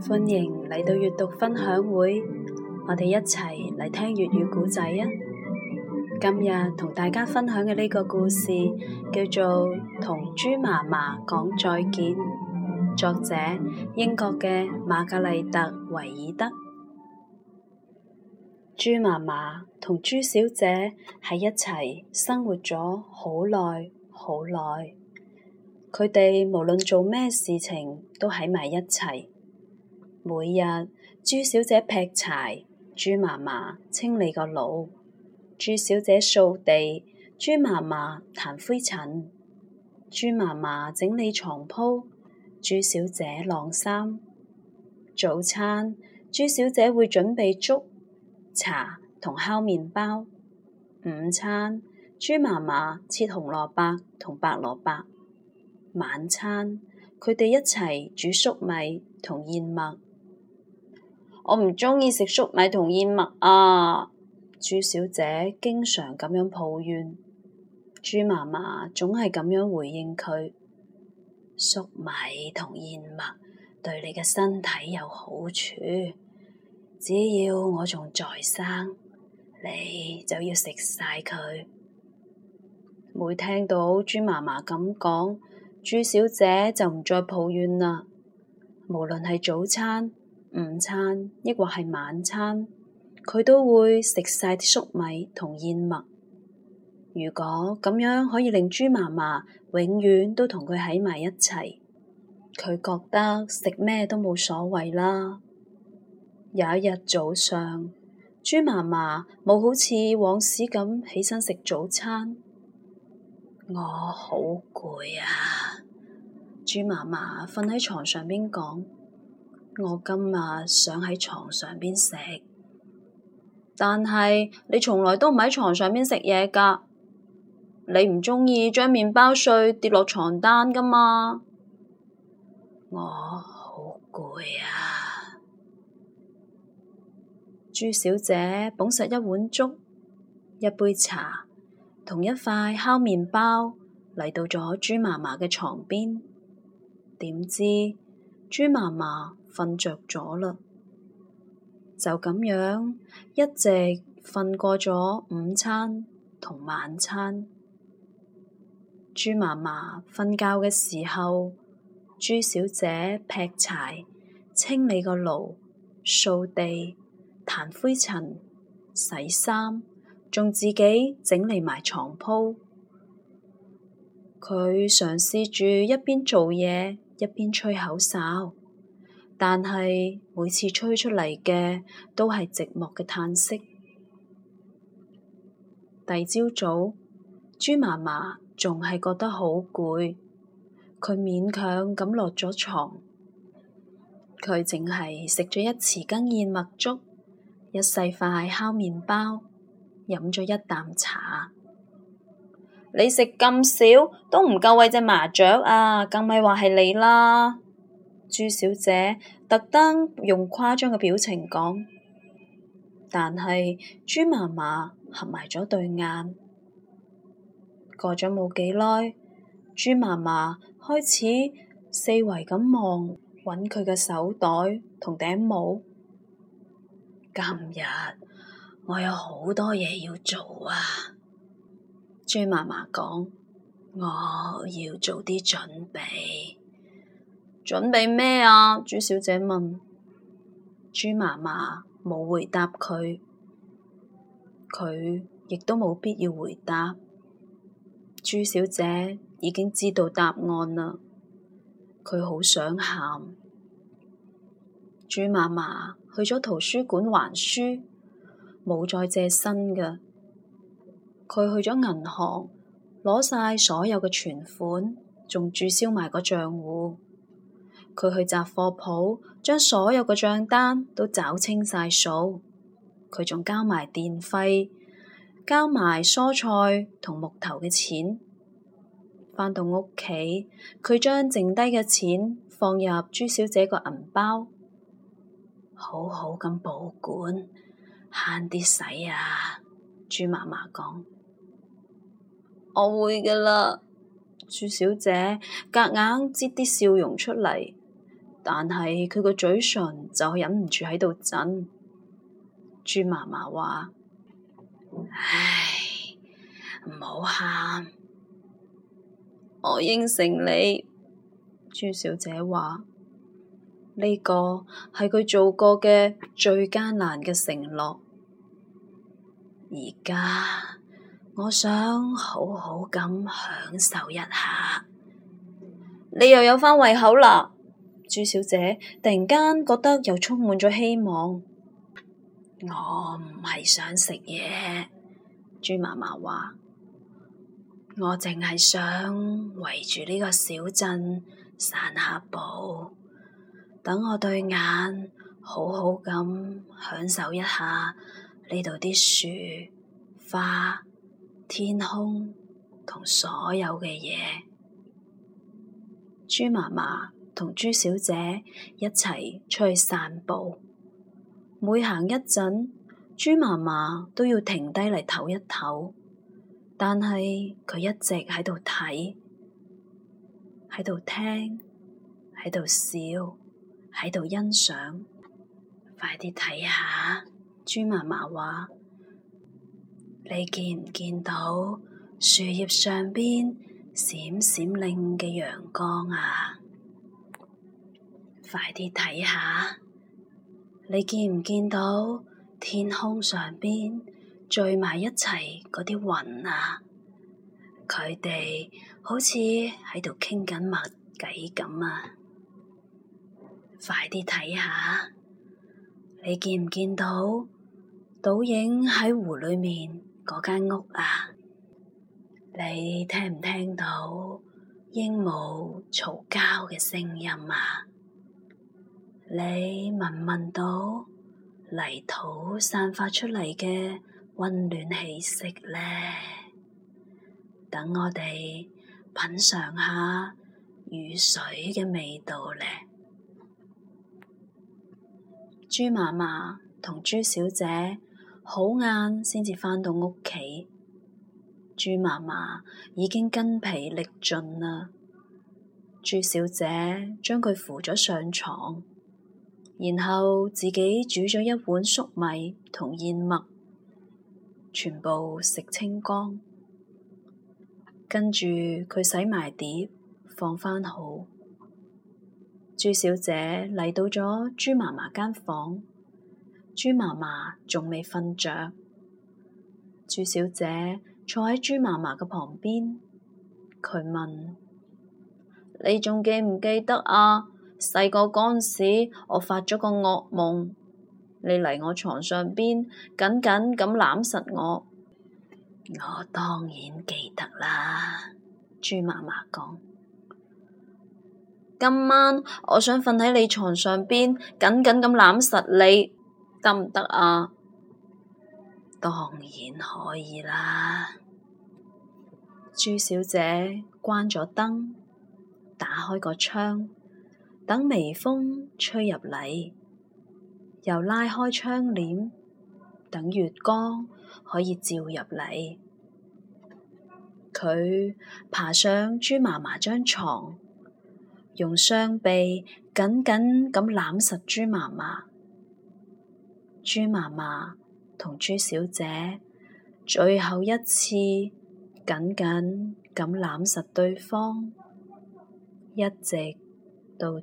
歡迎嚟到閱讀分享會，我哋一齊嚟聽粵語故仔啊！今日同大家分享嘅呢個故事叫做《同豬媽媽講再見》，作者英國嘅瑪格麗特·維爾德。豬媽媽同豬小姐喺一齊生活咗好耐，好耐。佢哋無論做咩事情都喺埋一齊。每日豬小姐劈柴，豬嫲嫲清理個爐。豬小姐掃地，豬嫲嫲彈灰塵。豬嫲嫲整理床鋪，豬小姐晾衫。早餐，豬小姐會準備粥、茶同烤麵包。午餐，豬嫲嫲切紅蘿蔔同白蘿蔔。晚餐，佢哋一齊煮粟米同燕麥。我唔鍾意食粟米同燕麥啊！豬小姐經常咁樣抱怨，豬媽媽總係咁樣回應佢：粟米同燕麥對你嘅身體有好處，只要我仲在生，你就要食晒佢。每聽到豬媽媽咁講，豬小姐就唔再抱怨啦。無論係早餐，午餐，抑或係晚餐，佢都會食晒啲粟米同燕麥。如果咁樣可以令豬媽媽永遠都同佢喺埋一齊，佢覺得食咩都冇所謂啦。有一日早上，豬媽媽冇好似往時咁起身食早餐，我好攰啊！豬媽媽瞓喺床上邊講。我今日想喺床上邊食，但係你從來都唔喺床上邊食嘢噶。你唔中意將麵包碎跌落床單噶嘛？我好攰啊！豬小姐捧實一碗粥、一杯茶、同一塊烤麵包嚟到咗豬嫲嫲嘅床邊，點知？豬媽媽瞓着咗啦，就咁樣一直瞓過咗午餐同晚餐。豬媽媽瞓覺嘅時候，豬小姐劈柴、清理個爐、掃地、彈灰塵、洗衫，仲自己整理埋床鋪。佢嘗試住一邊做嘢。一邊吹口哨，但係每次吹出嚟嘅都係寂寞嘅嘆息。第二朝早，豬媽媽仲係覺得好攰，佢勉強咁落咗床，佢淨係食咗一匙羹燕麥粥，一細塊烤麵包，飲咗一啖茶。你食咁少都唔夠喂隻麻雀啊，更咪話係你啦，豬小姐特登用誇張嘅表情講。但係豬嫲嫲合埋咗對眼，過咗冇幾耐，豬嫲嫲開始四圍咁望，揾佢嘅手袋同頂帽。今日我有好多嘢要做啊！豬媽媽講：我要做啲準備，準備咩啊？朱小姐問。豬媽媽冇回答佢，佢亦都冇必要回答。朱小姐已經知道答案啦，佢好想喊。豬媽媽去咗圖書館還書，冇再借新嘅。佢去咗銀行，攞晒所有嘅存款，仲註銷埋個賬戶。佢去雜貨鋪，將所有嘅賬單都找清晒數。佢仲交埋電費，交埋蔬菜同木頭嘅錢。返到屋企，佢將剩低嘅錢放入豬小姐個銀包，好好咁保管，慳啲使啊！豬媽媽講。我會噶啦，朱小姐，夾硬擠啲笑容出嚟，但係佢個嘴唇就忍唔住喺度震。豬嫲嫲話：「唉，唔好喊，我應承你。朱小姐話：「呢、這個係佢做過嘅最艱難嘅承諾。而家。我想好好咁享受一下。你又有返胃口啦，豬小姐。突然間覺得又充滿咗希望。我唔係想食嘢，豬媽媽話，我淨係想圍住呢個小鎮散下步，等我對眼好好咁享受一下呢度啲樹花天空同所有嘅嘢，豬媽媽同豬小姐一齊出去散步。每行一陣，豬媽媽都要停低嚟唞一唞，但係佢一直喺度睇，喺度聽，喺度笑，喺度欣賞。快啲睇下，豬媽媽話。你見唔見到樹葉上邊閃閃亮嘅陽光啊？快啲睇下！你見唔見到天空上邊聚埋一齊嗰啲雲啊？佢哋好似喺度傾緊乜偈咁啊！快啲睇下！你見唔見到倒影喺湖裏面？嗰間屋啊，你聽唔聽到鸚鵡嘈交嘅聲音啊？你聞唔聞到泥土散發出嚟嘅溫暖氣息呢？等我哋品嘗下雨水嘅味道呢？豬媽媽同豬小姐。好晏先至返到屋企，豬嫲嫲已經筋疲力盡啦。豬小姐將佢扶咗上床，然後自己煮咗一碗粟米同燕麥，全部食清光。跟住佢洗埋碟，放返好。豬小姐嚟到咗豬嫲嫲間房。豬嫲嫲仲未瞓着，朱小姐坐喺豬嫲嫲嘅旁邊，佢問：你仲記唔記得啊？細個嗰陣時，我發咗個惡夢，你嚟我床上邊緊緊咁攬實我。我當然記得啦，豬嫲嫲講。今晚我想瞓喺你床上邊，緊緊咁攬實你。得唔得啊？當然可以啦。朱小姐關咗燈，打開個窗，等微風吹入嚟，又拉開窗簾，等月光可以照入嚟。佢爬上豬嫲嫲張床，用雙臂緊緊咁攬實豬嫲嫲。豬嫲嫲同豬小姐最後一次緊緊咁攬實對方，一直到。